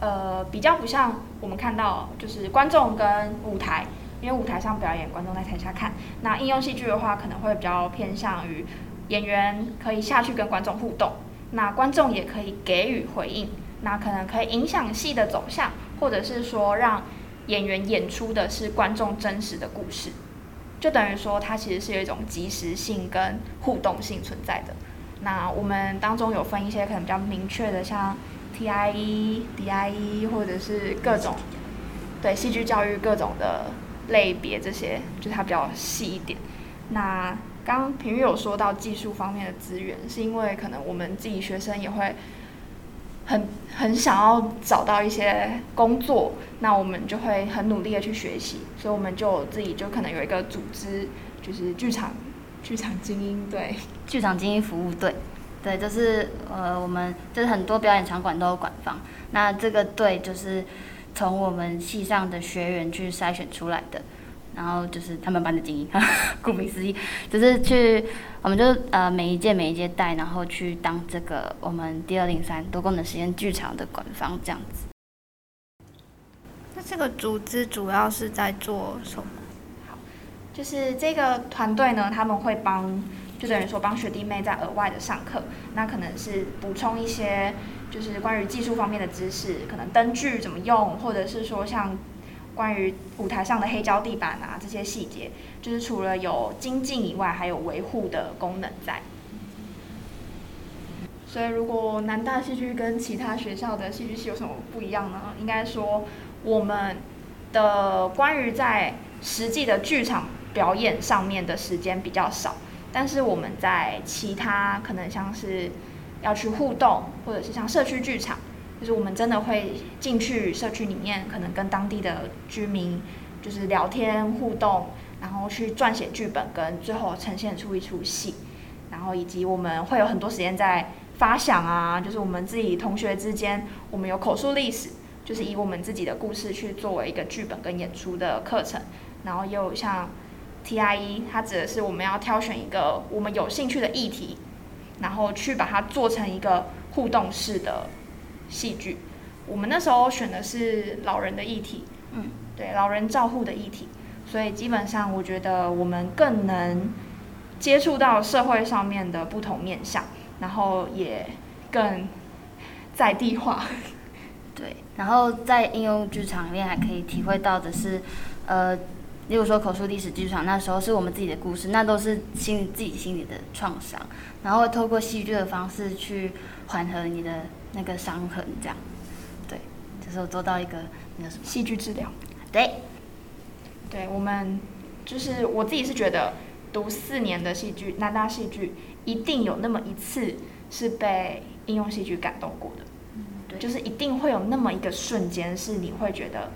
呃比較不像我們看到，就是觀眾跟舞台，因為舞台上表演，觀眾在台下看。那應用戲劇的話，可能會比較偏向於演員可以下去跟觀眾互動。那觀眾也可以給予回應，那可能可以影響戲的走向，或者是說讓演員演出的是觀眾真實的故事，就等於說它其實是有一種即時性跟互動性存在的。那我們當中有分一些可能比較明確的，像 TIE、DIE，或者是各種，對，戲劇教育各種的類別，這些就它比較細一點。那剛品諭有說到技術方面的資源，是因為可能我們自己學生也會很很想要找到一些工作，那我們就會很努力的去學習，所以我們就自己就可能有一個組織，就是劇場劇場精英，對，劇場精英服務隊，對，就是呃我們就是很多表演場館都有館方，那這個隊就是從我們系上的學員去篩選出來的。然後就是他們班的精英，顧名思義，嗯、就是去，我們就呃每一屆每一屆帶，然後去當這個我們 D 二零三多功能實驗劇場的館方這樣子。那這個組織主要是在做什麼？好就是這個團隊呢，他們會幫，就等於說幫學弟妹在額外的上課，那可能是補充一些就是關於技術方面的知識，可能燈具怎麼用，或者是說像。關於舞台上的黑膠地板啊，這些細節，就是除了有精進以外，還有維護的功能在。所以，如果南大戲劇跟其他學校的戲劇系有什麼不一樣呢？應該說，我們的關於在實際的劇場表演上面的時間比較少，但是我們在其他可能像是要去互動，或者是像社區劇場。就是我們真的會進去社區裡面，可能跟當地的居民就是聊天互動，然後去撰寫劇本，跟最後呈現出一出戲。然後以及我們會有很多時間在發想啊，就是我們自己同學之間，我們有口述歷史，就是以我們自己的故事去作為一個劇本跟演出的課程。然後又像 TIE，它指的是我們要挑選一個我們有興趣的議題，然後去把它做成一個互動式的。戲劇，我們那時候選的是老人的議題，嗯，對，老人照護的議題，所以基本上我覺得我們更能接觸到社會上面的不同面向，然後也更在地化，對。然後在應用劇場裡面還可以體會到的是，呃，例如說口述歷史劇場，那時候是我們自己的故事，那都是心裡自己心裡的創傷，然後透過戲劇的方式去緩和你的，那個傷痕，這樣，對，這時候做到一個，那個什麼戲劇治療，對，對我們就是我自己是覺得，讀四年的戲劇，南大戲劇一定有那麼一次是被應用戲劇感動過的，對，就是一定會有那麼一個瞬間，是你會覺得，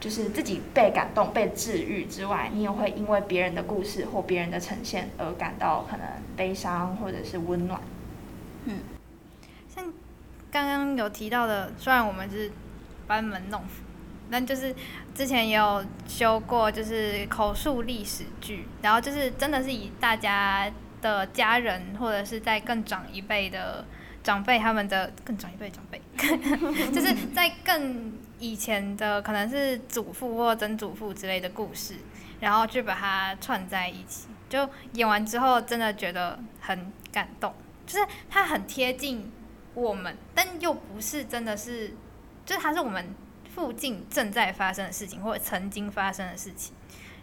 就是自己被感動、被治癒之外，你也會因為別人的故事或別人的呈現而感到可能悲傷或者是溫暖，嗯。剛剛有提到的，雖然我們是班門弄斧，但就是之前也有修過，就是口述歷史劇，然後就是真的是以大家的家人，或者是在更長一輩的長輩他們的更長一輩長輩， 就是在更以前的可能是祖父或曾祖父之類的故事，然後去把它串在一起，就演完之後真的覺得很感動，就是它很貼近。我們，但又不是真的是，就是它是我們附近正在發生的事情，或者曾經發生的事情。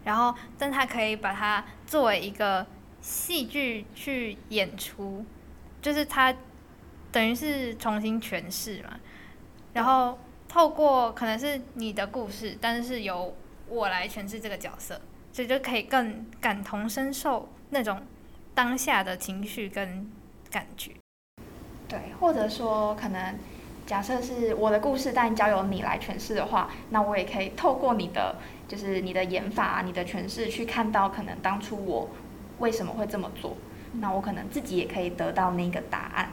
然後，但它可以把它作為一個戲劇去演出，就是它等於是重新詮釋嘛。然後透過可能是你的故事，但是由我來詮釋這個角色，所以就可以更感同身受那種當下的情緒跟感覺。對，或者說，可能假設是我的故事，但交由你來詮釋的話，那我也可以透過你的，就是你的演法、你的詮釋，去看到可能當初我為什麼會這麼做。那我可能自己也可以得到那個答案。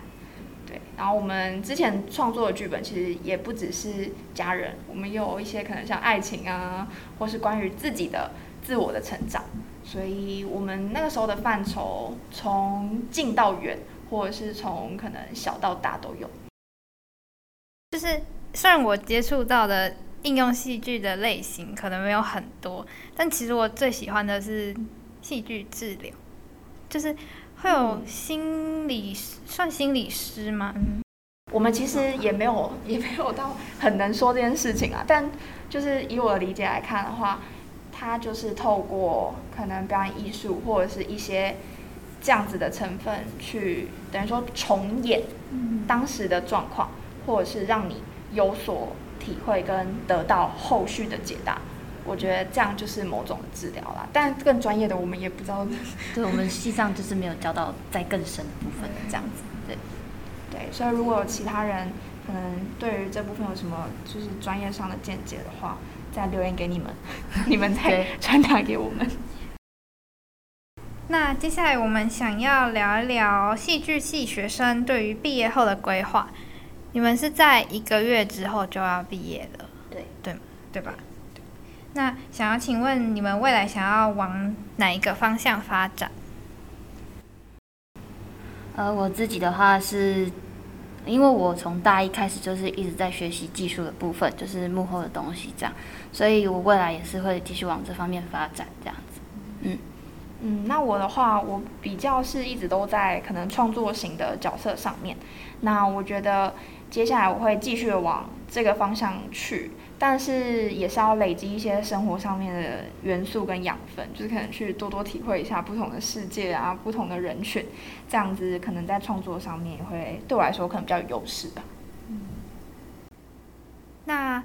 對，然後我們之前創作的劇本其實也不只是家人，我們有一些可能像愛情啊，或是關於自己的自我的成長，所以我們那個時候的範疇從近到遠。或者是從可能小到大都有，就是雖然我接觸到的應用戲劇的類型可能沒有很多，但其實我最喜歡的是戲劇治療，就是會有心理、嗯、算心理師嗎？嗯，我們其實也沒有也沒有到很能說這件事情啊，但就是以我的理解來看的話，它就是透過可能表演藝術或者是一些。這樣子的成分去，等於說重演當時的狀況，或者是讓你有所體會跟得到後續的解答，我覺得這樣就是某種的治療啦。但更專業的我們也不知道， 對，我們系上就是沒有教到在更深的部分的這樣子，對。對，所以如果有其他人可能對於這部分有什麼就是專業上的見解的話，再留言給你們， 你們再傳達給我們。那接下來我們想要聊一聊戲劇系學生對於畢業後的規劃。你們是在一個月之後就要畢業了，對對對吧？對。那想要請問你們未來想要往哪一個方向發展？呃，我自己的話是，因為我從大一開始就是一直在學習技術的部分，就是幕後的東西這樣，所以我未來也是會繼續往這方面發展這樣子。嗯。嗯，那我的話，我比較是一直都在可能創作型的角色上面。那我覺得接下來我會繼續往這個方向去，但是也是要累積一些生活上面的元素跟養分，就是可能去多多體會一下不同的世界啊，不同的人群，這樣子可能在創作上面也會對我來說可能比較有優勢吧。嗯，那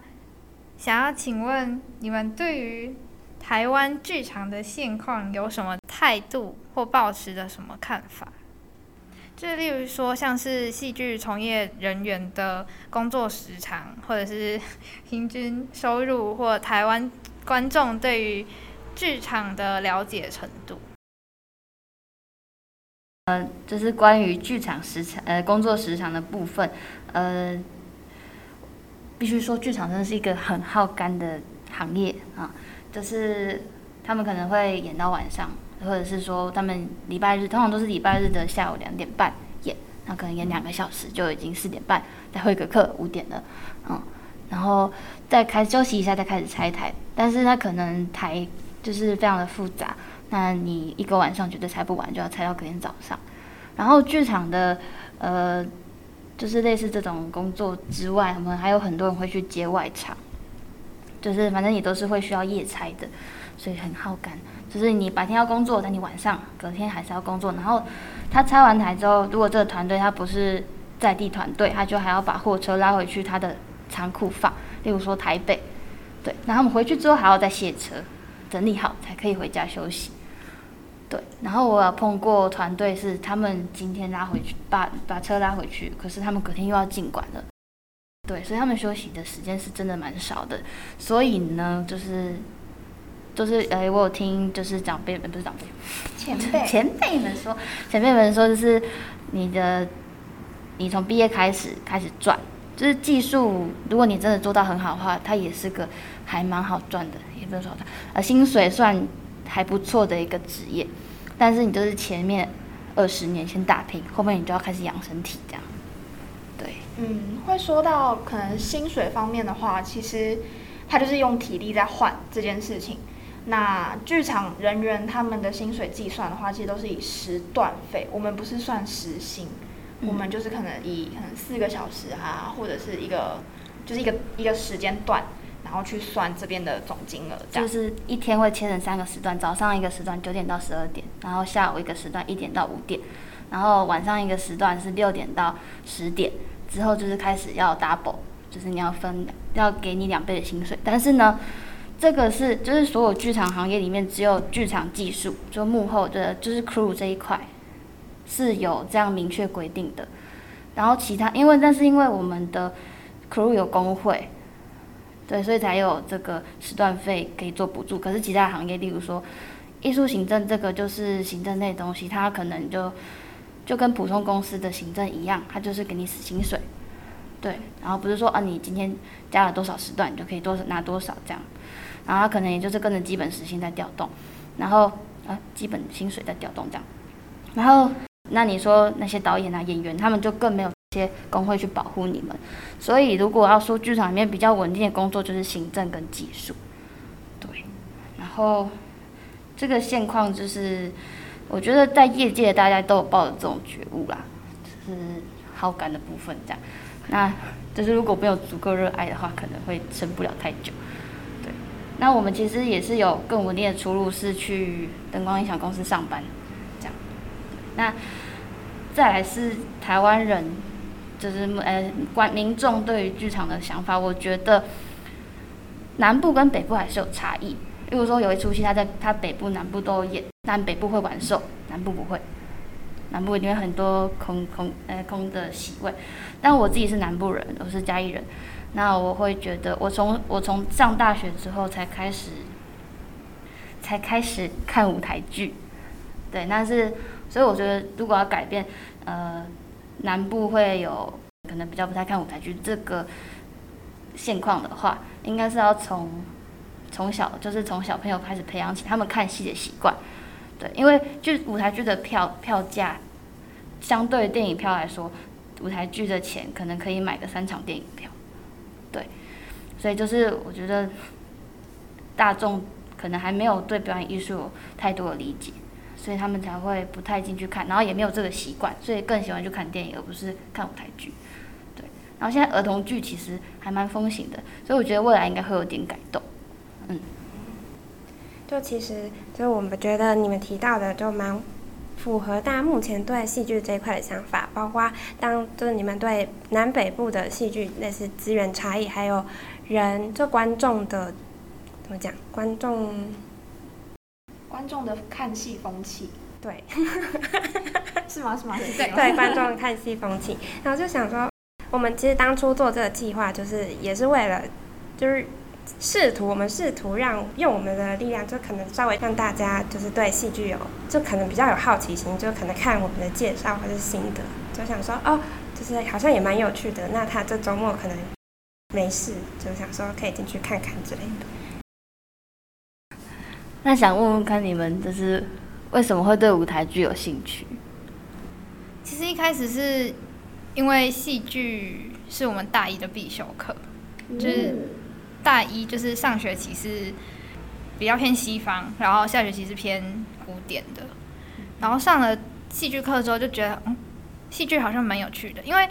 想要請問你們對於台灣劇場的現況有什麼？態度或抱持的什麼看法？就例如說，像是戲劇從業人員的工作時長，或者是平均收入，或台灣觀眾對於劇場的了解程度。嗯、呃，這、就是關於劇場時長、呃，工作時長的部分。呃，必須說，劇場真的是一個很好幹的行業啊，就是他們可能會演到晚上。或者是說他們禮拜日通常都是禮拜日的下午兩點半演，那可能演兩個小時就已經四點半再會個客五點了，嗯，然後再開始休息一下，再開始拆台，但是他可能台就是非常的複雜，那你一個晚上絕對拆不完，就要拆到隔天早上。然後劇場的呃就是類似這種工作之外，我們還有很多人會去接外場，就是反正也都是會需要夜拆的，所以很耗肝。就是你白天要工作，但你晚上隔天還是要工作。然後他拆完台之後，如果這個團隊他不是在地團隊，他就還要把貨車拉回去他的倉庫放。例如說台北，對。然後我們回去之後還要再卸車，整理好才可以回家休息。對。然後我有碰過團隊是他們今天拉回去把把車拉回去，可是他們隔天又要進館了。對。所以他們休息的時間是真的蠻少的。所以呢，就是。就是哎、欸，我有聽，就是長輩們不是長輩，前輩，前輩們說，前輩們說，就是你的，你從畢業開始開始賺，就是技術，如果你真的做到很好的話，它也是個還蠻好賺的，也不能說好賺，呃，薪水算還不錯的一個職業，但是你就是前面二十年先打拼，後面你就要開始養身體這樣，對，嗯，會說到可能薪水方面的話，其實它就是用體力在換這件事情。那劇場人員他們的薪水計算的話，其實都是以時段費，我們不是算時薪，我們就是可能以可能四個小時啊，或者是一個，就是一個一個時間段，然後去算這邊的總金額這樣。就是一天會切成三個時段，早上一個時段九點到十二點，然後下午一個時段一點到五點，然後晚上一個時段是六點到十點，之後就是開始要 double，就是你要分要給你兩倍的薪水，但是呢，這個是就是所有劇場行業裡面，只有劇場技術就幕後的就是 crew 這一塊是有這樣明確規定的。然後其他，因為但是因為我們的 crew 有工會，對，所以才有這個時段費可以做補助。可是其他行業，例如說藝術行政這個就是行政類東西，它可能就就跟普通公司的行政一樣，它就是給你死薪水。對，然後不是說啊，你今天加了多少時段，你就可以多拿多少這樣。然後他可能也就是跟着基本時薪在調動，然後啊，基本薪水在調動這樣。然後那你說那些導演啊、演員，他們就更沒有一些工會去保護你們。所以，如果要說劇場裡面比較穩定的工作，就是行政跟技術。對，然後這個現況就是，我覺得在業界的大家都有抱着這種覺悟啦，就是好感的部分這樣。那就是如果沒有足夠熱愛的話，可能會撐不了太久。對，那我們其實也是有更穩定的出路，是去燈光音響公司上班，這樣。那再來是台灣人，就是呃，觀、欸、民眾對於劇場的想法，我覺得南部跟北部還是有差異。如果說有一出戲，他在他北部、南部都演，但北部會完售，南部不會。南部裡面很多空空呃、欸、空的席位，但我自己是南部人，我是嘉義人，那我會覺得我從我從上大學之後才開始才開始看舞台劇，對，那是所以我覺得如果要改變呃，南部會有可能比較不太看舞台劇這個現況的話，應該是要從從小，就是從小朋友開始培養起他們看戲的習慣。對，因為就舞台劇的票票價，相對電影票來說，舞台劇的錢可能可以買個三場電影票，對，所以就是我覺得大眾可能還沒有對表演藝術有太多的理解，所以他們才會不太進去看，然後也沒有這個習慣，所以更喜歡去看電影而不是看舞台劇，對。然後現在兒童劇其實還蠻風行的，所以我覺得未來應該會有點改動。就其實，就是我們覺得你們提到的，就蠻符合大家目前對戲劇這一塊的想法，包括當就是你們對南北部的戲劇類似資源差異，還有人，就觀眾的怎麼講，觀眾觀眾的看戲風氣，對， 是嗎？是嗎？是對嗎？對，觀眾看戲風氣， 然後就想說，我們其實當初做這個計劃，就是也是為了，就是。試圖，我們試圖讓用我們的力量，就可能稍微讓大家就是對戲劇有，就可能比較有好奇心，就可能看我們的介紹或者心得，就想說哦，就是好像也蠻有趣的。那他這周末可能沒事，就想說可以進去看看之類的。那想問問看你們，就是為什麼會對舞台劇有興趣？其實一開始是因為戲劇是我們大一的必修課，嗯、就是。大一就是上學期是比較偏西方，然後下學期是偏古典的。然後上了戲劇課之後，就覺得嗯，戲劇好像蠻有趣的。因為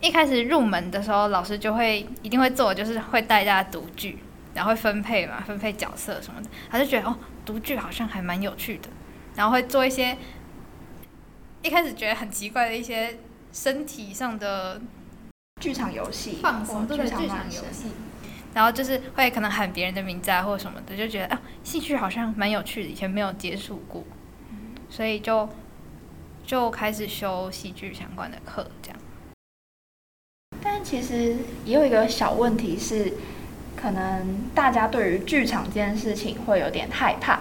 一開始入門的時候，老師就會一定會做，就是會帶大家讀劇，然後會分配嘛，分配角色什麼的。他就覺得哦，讀劇好像還蠻有趣的。然後會做一些一開始覺得很奇怪的一些身體上的劇場遊戲，放鬆劇場遊戲。哦然後就是會可能喊別人的名字啊，或者什麼的，就覺得啊，戲劇好像蠻有趣的，以前沒有接觸過，所以就就開始修戲劇相關的課，這樣。但其實也有一個小問題是，可能大家對於劇場這件事情會有點害怕，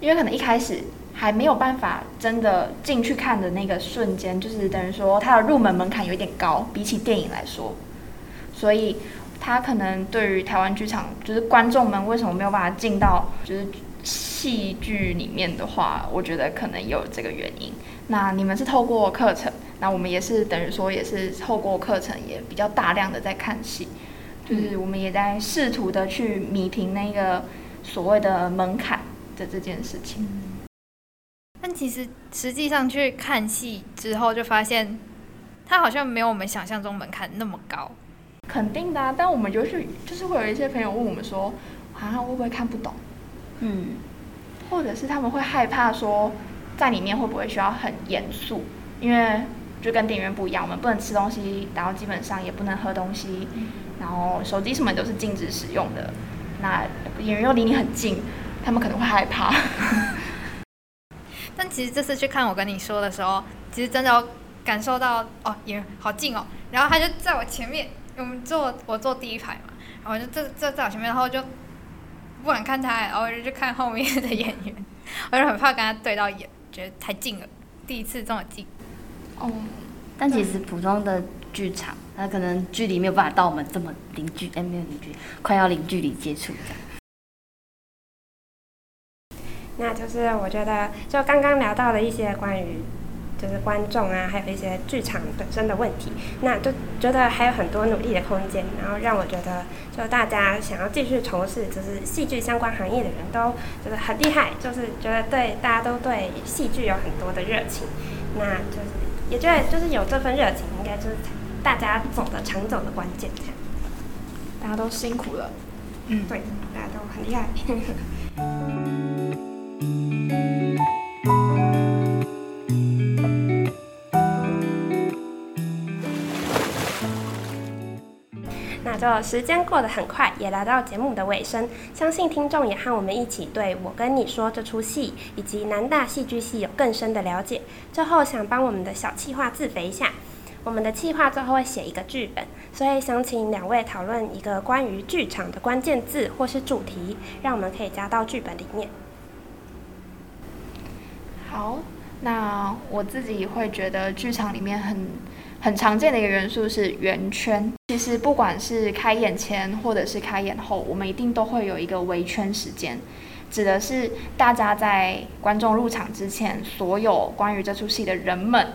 因為可能一開始還沒有辦法真的進去看的那個瞬間，就是等於說它的入門門檻有點高，比起電影來說，所以。他可能對於台灣劇場，就是觀眾們為什麼沒有辦法進到就是戲劇裡面的話，我覺得可能有這個原因。那你們是透過課程，那我們也是等於說也是透過課程，也比較大量的在看戲，就是我們也在試圖的去彌平那個所謂的門檻的這件事情。但其實實際上去看戲之後，就發現他好像沒有我們想象中門檻那麼高。肯定的啊，但我們就是就是會有一些朋友問我們說，涵涵，會不會看不懂？嗯，或者是他們會害怕說，在裡面會不會需要很嚴肅？因為就跟電影院不一樣，我們不能吃東西，然後基本上也不能喝東西，然後手機什麼都是禁止使用的。那演員又離你很近，他們可能會害怕。但其實這次去看我跟你說的時候，其實真的感受到哦，演員好近哦，然後他就在我前面。我們坐，我坐第一排嘛，然後就坐坐到前面，然後就不敢看他，然後就去看後面的演員，我就很怕跟他對到眼，覺得太近了。第一次這麼近。哦。Oh, 但其實普通的劇場，他對可能距離沒有辦法到我們這麼零距離，哎，沒有零距，快要零距離接觸這樣。那就是我覺得，就剛剛聊到的一些關於。就是觀眾啊，還有一些劇場本身的問題，那就覺得還有很多努力的空間。然後讓我覺得，就大家想要繼續從事就是戲劇相關行業的人都就是很厲害，就是覺得對大家都對戲劇有很多的熱情。那就是也覺得就是有這份熱情，應該就是大家走的、常走的關鍵。大家都辛苦了，嗯，對，大家都很厲害。 就時間過得很快，也來到節目的尾聲。相信聽眾也和我們一起對我跟你說這出戲，以及南大戲劇系有更深的了解。最後想幫我們的小企劃自肥一下，我們的企劃最後會寫一個劇本，所以想請兩位討論一個關於劇場的關鍵字或是主題，讓我們可以加到劇本裡面。好，那我自己會覺得劇場裡面很。很常見的一個元素是圓圈。其實不管是開演前或者是開演後，我們一定都會有一個圍圈時間，指的是大家在觀眾入場之前，所有關於這出戲的人們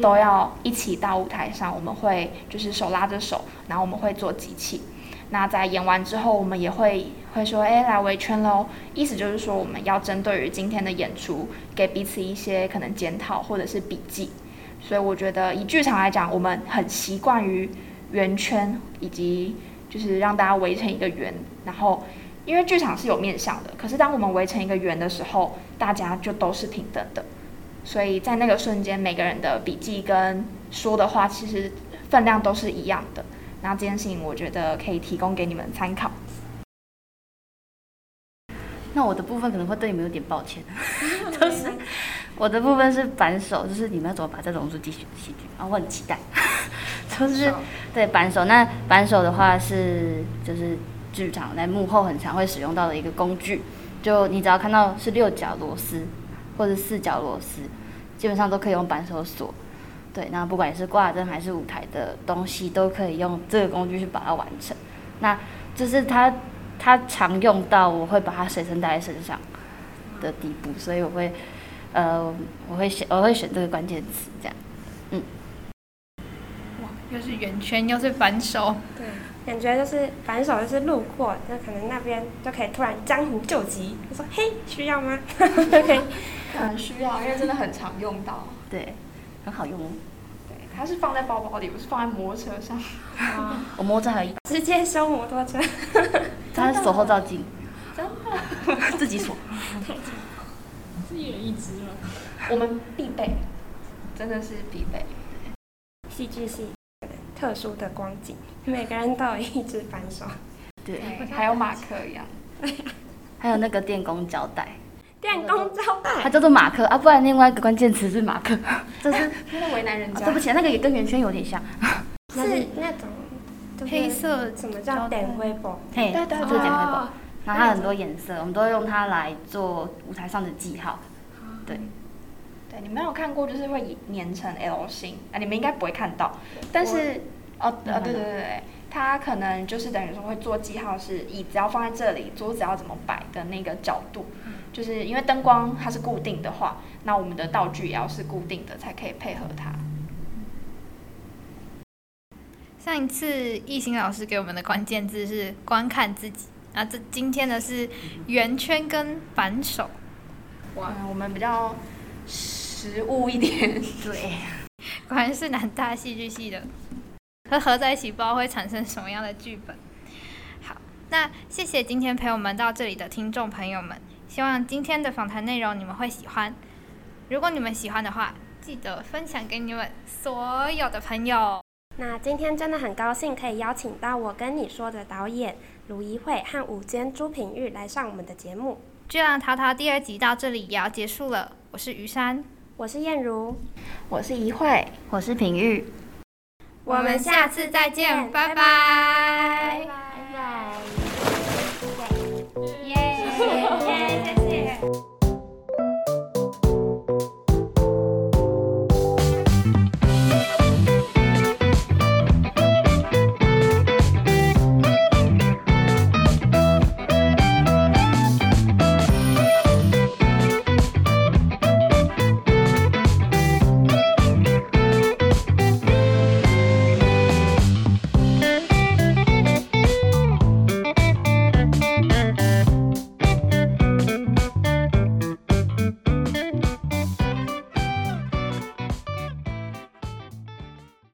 都要一起到舞台上。我們會就是手拉着手，然後我們會做集氣。那在演完之後，我們也會會說，誒，來圍圈嘍。意思就是說，我們要針對於今天的演出，給彼此一些可能檢討或者是筆記。所以我覺得，以劇場來講，我們很習慣於圓圈，以及就是讓大家圍成一個圓。然後，因為劇場是有面向的，可是當我們圍成一個圓的時候，大家就都是平等的。所以在那個瞬間，每個人的筆記跟說的話，其實分量都是一樣的。那這件事情，我覺得可以提供給你們參考。那我的部分可能會對你們有點抱歉， 都是。Okay. 我的部分是扳手，就是你們要怎麼把這螺絲繼續戲劇。然後，哦，我很期待，呵呵，就是對扳手。那扳手的話是就是劇場在幕後很常會使用到的一個工具，就你只要看到是六角螺絲或者四角螺絲，基本上都可以用扳手鎖。對，那不管是掛燈還是舞台的東西，都可以用這個工具去把它完成。那就是它它常用到，我會把它隨身帶在身上的地步，所以我會。呃，我會選我會選這個關鍵詞，這樣，嗯，哇，又是圓圈，又是扳手，對，感覺就是扳手就是路過，就可能那邊就可以突然江湖救急，就說嘿，需要嗎？可 以、呃，需要，因為真的很常用到，對，很好用，對，它是放在包包裡，不是放在摩托車上， 啊，我摩托還有，直接收摩托車，他 是鎖後照鏡、啊，真的，啊，自己鎖。 一人一支嗎？我們必備，真的是必備。戲劇系特殊的光景，每個人都有一支扳手。對，還有馬克一樣，還有那個電工膠帶，電工膠帶，它叫做馬克啊，不然另外一個關鍵詞是馬克。這是太為難人家。對不起，那個也跟圓圈有點像，是那種黑色，怎麼叫？對，帶？膠帶？膠帶？膠帶？然後它很多顏色，我們都會用它來做舞台上的記號。嗯、對，對，你沒有看過，就是會粘成 L 型啊，你們應該不會看到，對但是我哦、嗯、哦對對對對，它可能就是等於說會做記號，是椅子要放在這裡，桌子要怎麼擺的那個角度，嗯、就是因為燈光它是固定的話，那我們的道具也要是固定的，才可以配合它。嗯、上一次藝興老師給我們的關鍵字是“觀看自己”。那、啊、這今天的是圓圈跟反手，哇、嗯，我們比較實物一點，對，果然是南大戲劇系的，和合在一起不知道會產生什麼樣的劇本。好，那謝謝今天陪我們到這裡的聽眾朋友們，希望今天的訪談內容你們會喜歡。如果你們喜歡的話，記得分享給你們所有的朋友。那今天真的很高興可以邀請到我跟你說的導演。盧怡潓和舞監朱品諭來上我們的節目，劇浪滔滔第二集到這裡也要結束了。我是於山，我是燕如，我是怡潓，我是品諭，我們下次再見，拜拜。